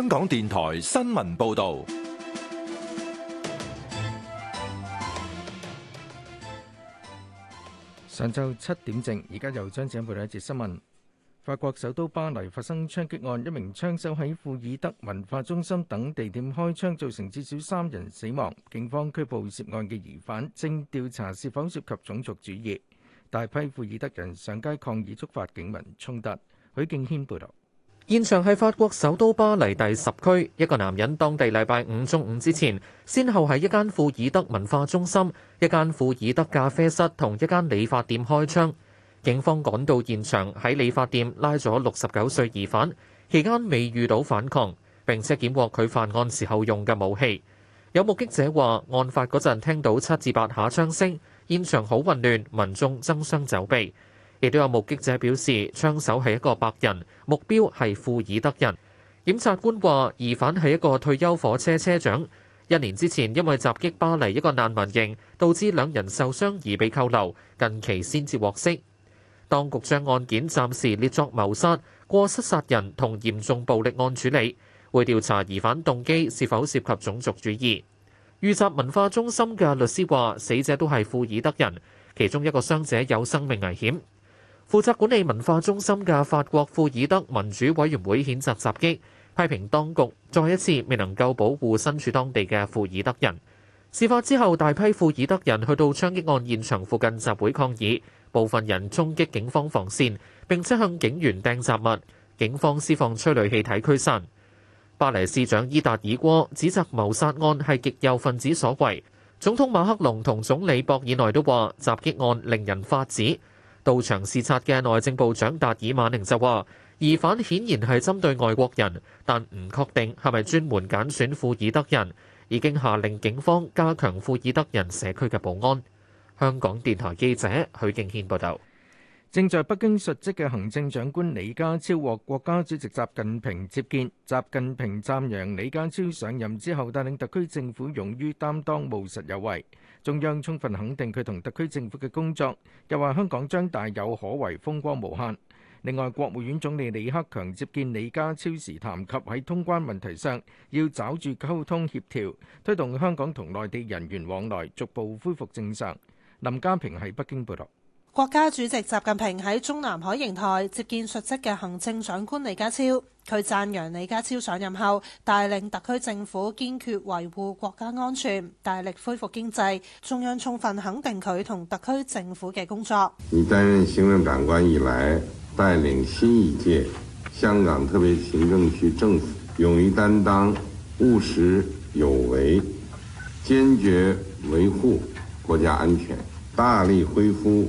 香港電台新聞報道：上晝七點正，而家又將展開一節新聞。法國首都巴黎發生槍擊案，一名槍手喺庫爾德文化中心等地點開槍，造成至少三人死亡。警方拘捕涉案嘅疑犯，正調查是否涉及種族主義。大批庫爾德人上街抗議，觸發警民衝突。許敬軒報道。現場係法國首都巴黎第十區，一個男人當地禮拜五中午之前，先後喺一間庫爾德文化中心、一間庫爾德咖啡室同一間理髮店開槍。警方趕到現場，喺理髮店拉咗六十九歲疑犯，期間未遇到反抗，並且檢獲佢犯案時候用嘅武器。有目擊者話，案發嗰陣聽到七至八下槍聲，現場好混亂，民眾爭相走避。亦都有目擊者表示，槍手係一個白人，目標係庫爾德人。檢察官話：疑犯係一個退休火車車長，一年之前因為襲擊巴黎一個難民營，導致兩人受傷而被扣留，近期先至獲釋。當局將案件暫時列作謀殺、過失殺人同嚴重暴力案處理，會調查疑犯動機是否涉及種族主義。遇襲文化中心嘅律師話：死者都係庫爾德人，其中一個傷者有生命危險。負責管理文化中心嘅法國庫爾德民主委員會譴責襲擊，批評當局再一次未能夠保護身處當地嘅庫爾德人。事發之後，大批庫爾德人去到槍擊案現場附近集會抗議，部分人衝擊警方防線，並且向警員掟雜物，警方施放催淚氣體驅散。巴黎市長伊達爾戈，指責謀殺案係極右分子所為，總統馬克龍同總理博爾內都話，襲擊案令人髮指。到場視察嘅內政部長達爾馬寧就話：疑犯顯然係針對外國人，但唔確定係咪專門揀選庫爾德人。已經下令警方加強庫爾德人社區嘅保安。香港電台記者許敬軒報導。正在北京述職嘅行政長官李家超獲國家主席習近平接見，習近平讚揚李家超上任之後帶領特區政府勇於擔當、務實有為，中央充分肯定佢同特區政府嘅工作，又話香港將大有可為、風光無限。另外，國務院總理李克強接見李家超時談及喺通關問題上要抓住溝通協調，推動香港同內地人員往來逐步恢復正常。林家平喺北京報道。國家主席習近平喺中南海瀛台接見述職嘅行政長官李家超，佢讚揚李家超上任後帶領特區政府堅決維護國家安全，大力恢復經濟。中央充分肯定佢同特區政府嘅工作。你擔任行政長官以來，帶領新一屆香港特別行政區政府，勇於擔當，務實有為，堅決維護國家安全，大力恢復。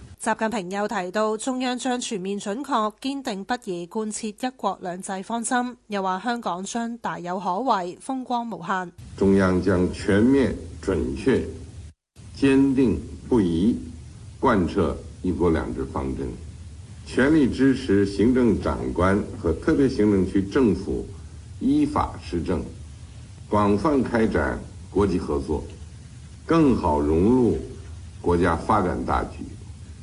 習近平又提到，中央將全面準確、堅定不移貫徹一國兩制方針，又話香港將大有可為，風光無限。中央將全面準確、堅定不移貫徹一國兩制方針，全力支持行政長官和特別行政區政府依法施政，廣泛開展國際合作，更好融入國家發展大局。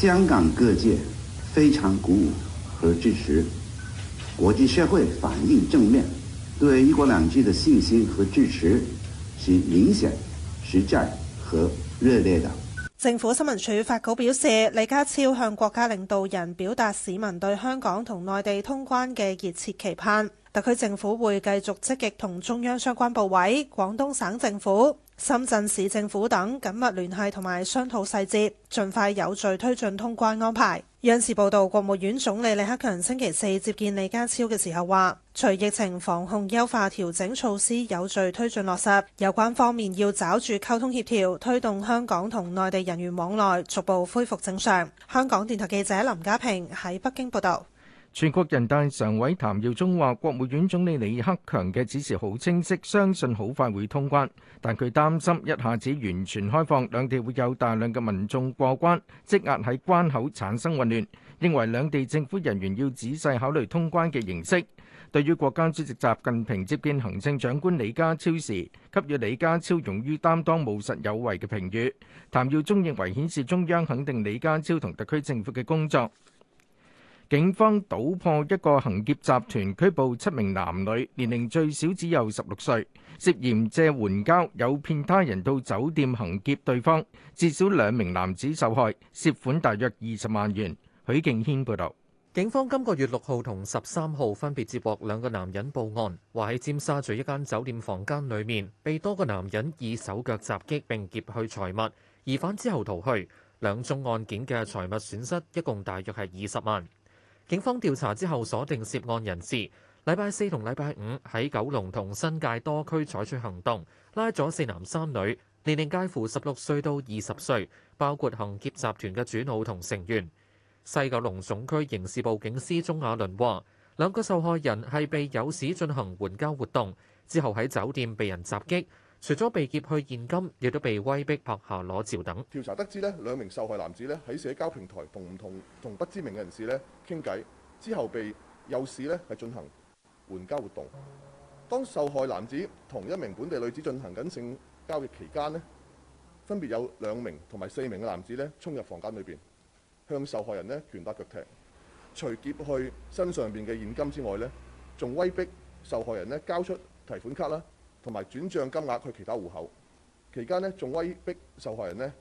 香港各界非常鼓舞和支持，國際社會反應正面，對一國兩制的信心和支持是明顯、實在和熱烈的。政府新聞處發稿表示，李家超向國家領導人表達市民對香港同內地通關嘅熱切期盼，特區政府會繼續積極同中央相關部委、廣東省政府。深圳市政府等緊密聯繫同埋商討細節，盡快有序推進通關安排。央視報道，國務院總理李克強星期四接見李家超嘅時候話，隨疫情防控優化調整措施有序推進落實，有關方面要找住溝通協調，推動香港同內地人員往來逐步恢復正常。香港電台記者林家平喺北京報道。全國人大常委譚耀宗話國務院總理李克強嘅指示好清晰，相信好快會通關，但佢擔心一下子完全開放兩地會有大量嘅民眾過關，積壓喺關口產生混亂，認為兩地政府人員要仔細考慮通關嘅形式。對於國家主席習近平接見行政長官李家超時，給予李家超勇於擔當務實有為嘅評語，譚耀宗認為顯示中央肯定李家超同特區政府嘅工作。警方搗破一個行劫集團，拘捕七名男女，年齡最少只有十六歲，涉嫌借援交誘騙他人到酒店行劫對方，至少兩名男子受害，涉款大約二十萬元。許敬軒報道，警方今個月六號同十三號分別接獲兩個男人報案，話喺尖沙咀一間酒店房間裏面被多個男人以手腳襲擊並劫去財物，疑犯之後逃去。兩宗案件嘅財物損失一共大約係二十萬。警方調查之後鎖定涉案人士，禮拜四同禮拜五喺九龍同新界多區採取行動，拉咗四男三女，年齡介乎十六歲到二十歲，包括行劫集團嘅主腦同成員。西九龍總區刑事部警司鍾雅倫話：兩個受害人係被有史進行援交活動之後喺酒店被人襲擊。除咗被劫去現金，亦都被威逼拍下裸照等。調查得知咧，兩名受害男子咧喺社交平台同唔同同不知名嘅人士咧傾偈，之後被誘使咧係進行援交活動。當受害男子同一名本地女子進行緊性交易期間咧，分別有兩名同埋四名嘅男子咧衝入房間裏邊，向受害人咧拳打腳踢，除劫去身上邊嘅現金之外咧，仲威逼受害人咧交出提款卡啦。同埋轉賬金額去其他戶口，期間呢，仲威逼受害人呢，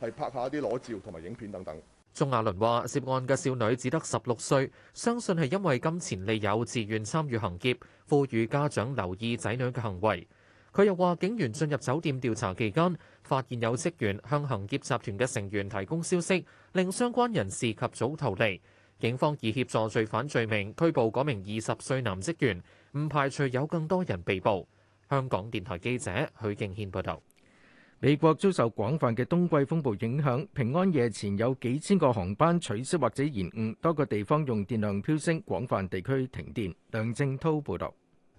係拍下啲裸照同埋影片等等。鍾亞倫話：涉案嘅少女只得十六歲，相信係因為金錢利誘，自願參與行劫。呼籲家長留意仔女嘅行為。佢又話：警員進入酒店調查期間，發現有職員向行劫集團嘅成員提供消息，令相關人士及早逃離。警方以協助罪犯罪名拘捕嗰名二十歲男職員，唔排除有更多人被捕。香港電台記者許敬軒報道：美國遭受廣泛嘅冬季風暴影響，平安夜前有幾千個航班取消或者延誤，多個地方用電量飆升，廣泛地區停電。梁正濤報道。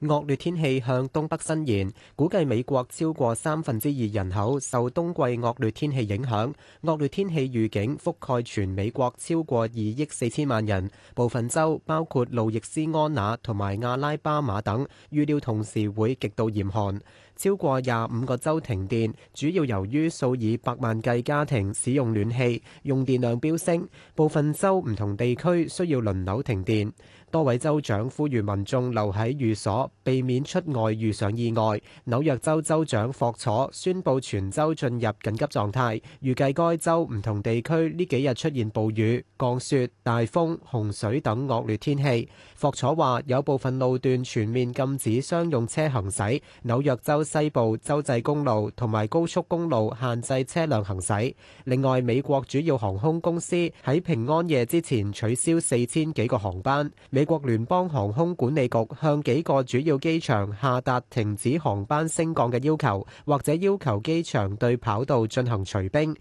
惡劣天氣向東北伸延，估計美國超過三分之二人口受冬季惡劣天氣影響。惡劣天氣預警覆蓋全美國超過二億四千萬人，部分州包括路易斯安那同埋阿拉巴馬等，預料同時會極度嚴寒。超過廿五個州停電，主要由於數以百萬計家庭使用暖氣，用電量飆升。部分州唔同地區需要輪流停電多位州長呼籲民眾留喺寓所，避免出外遇上意外。紐約州州長霍楚宣布全州進入緊急狀態，預計該州唔同地區呢幾日出現暴雨、降雪、大風、洪水等惡劣天氣。霍楚話，有部分路段全面禁止商用車行駛，紐約州西部州際公路同埋高速公路限制車輛行駛。另外，美國主要航空公司喺平安夜之前取消四千幾個航班。美國聯邦航空管理局向幾個主要機場下達停止航班升降嘅要求，或者要求機場對跑道進行除冰。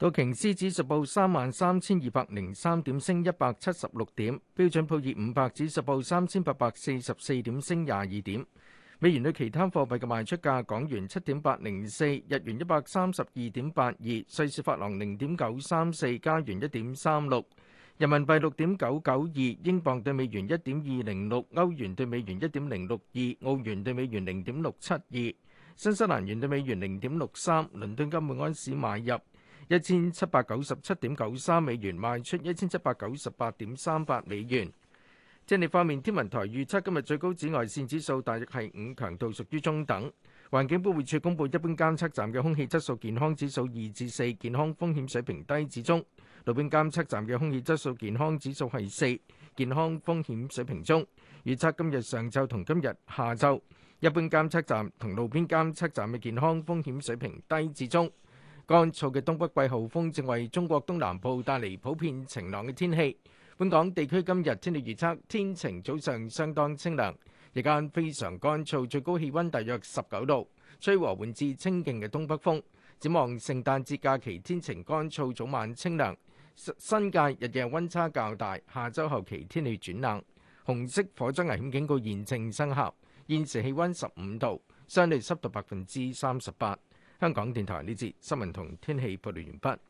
道瓊斯指數報三萬三千二百零三點，升一百七十六點。標準普爾五百指數報三千八百四十四點，升廿二點。美元對其他貨幣嘅賣出價：港元七點八零四，日元一百三十二點八二，瑞士法郎零點九三四，加元一點三六，人民幣六點九九二，英鎊兌美元一點二零六，歐元兌美元一點零六二，澳元兌美元零點六七二，新西蘭元兌美元零點六三。倫敦金每安士買入。一千七百九十七點九三美元，賣出一千七百九十八點三八美元。天氣方面，天文台預測今日最高紫外線指數大約係五，強度屬於中等。環境保護署公布，一般監測站嘅空氣質素健康指數二至四，健康風險水平低至中；路邊監測站嘅空氣質素健康指數係四，健康風險水平中。預測今日上晝同今日下晝，一般監測站同路邊監測站嘅健康風險水平低至中。乾燥嘅東北季候風正為中國東南部帶嚟普遍晴朗嘅天氣。本港地區今日天氣預測天晴，早上相當清涼，日間非常乾燥，最高氣温大約十九度，吹和緩至清勁嘅東北風。展望聖誕節假期天晴乾燥，早晚清涼。新界日夜温差較大。下周後期天氣轉冷。紅色火災危險警告現正生效。現時氣温十五度，相對濕度百分之三十八。香港電台呢節新聞同天氣報道完畢。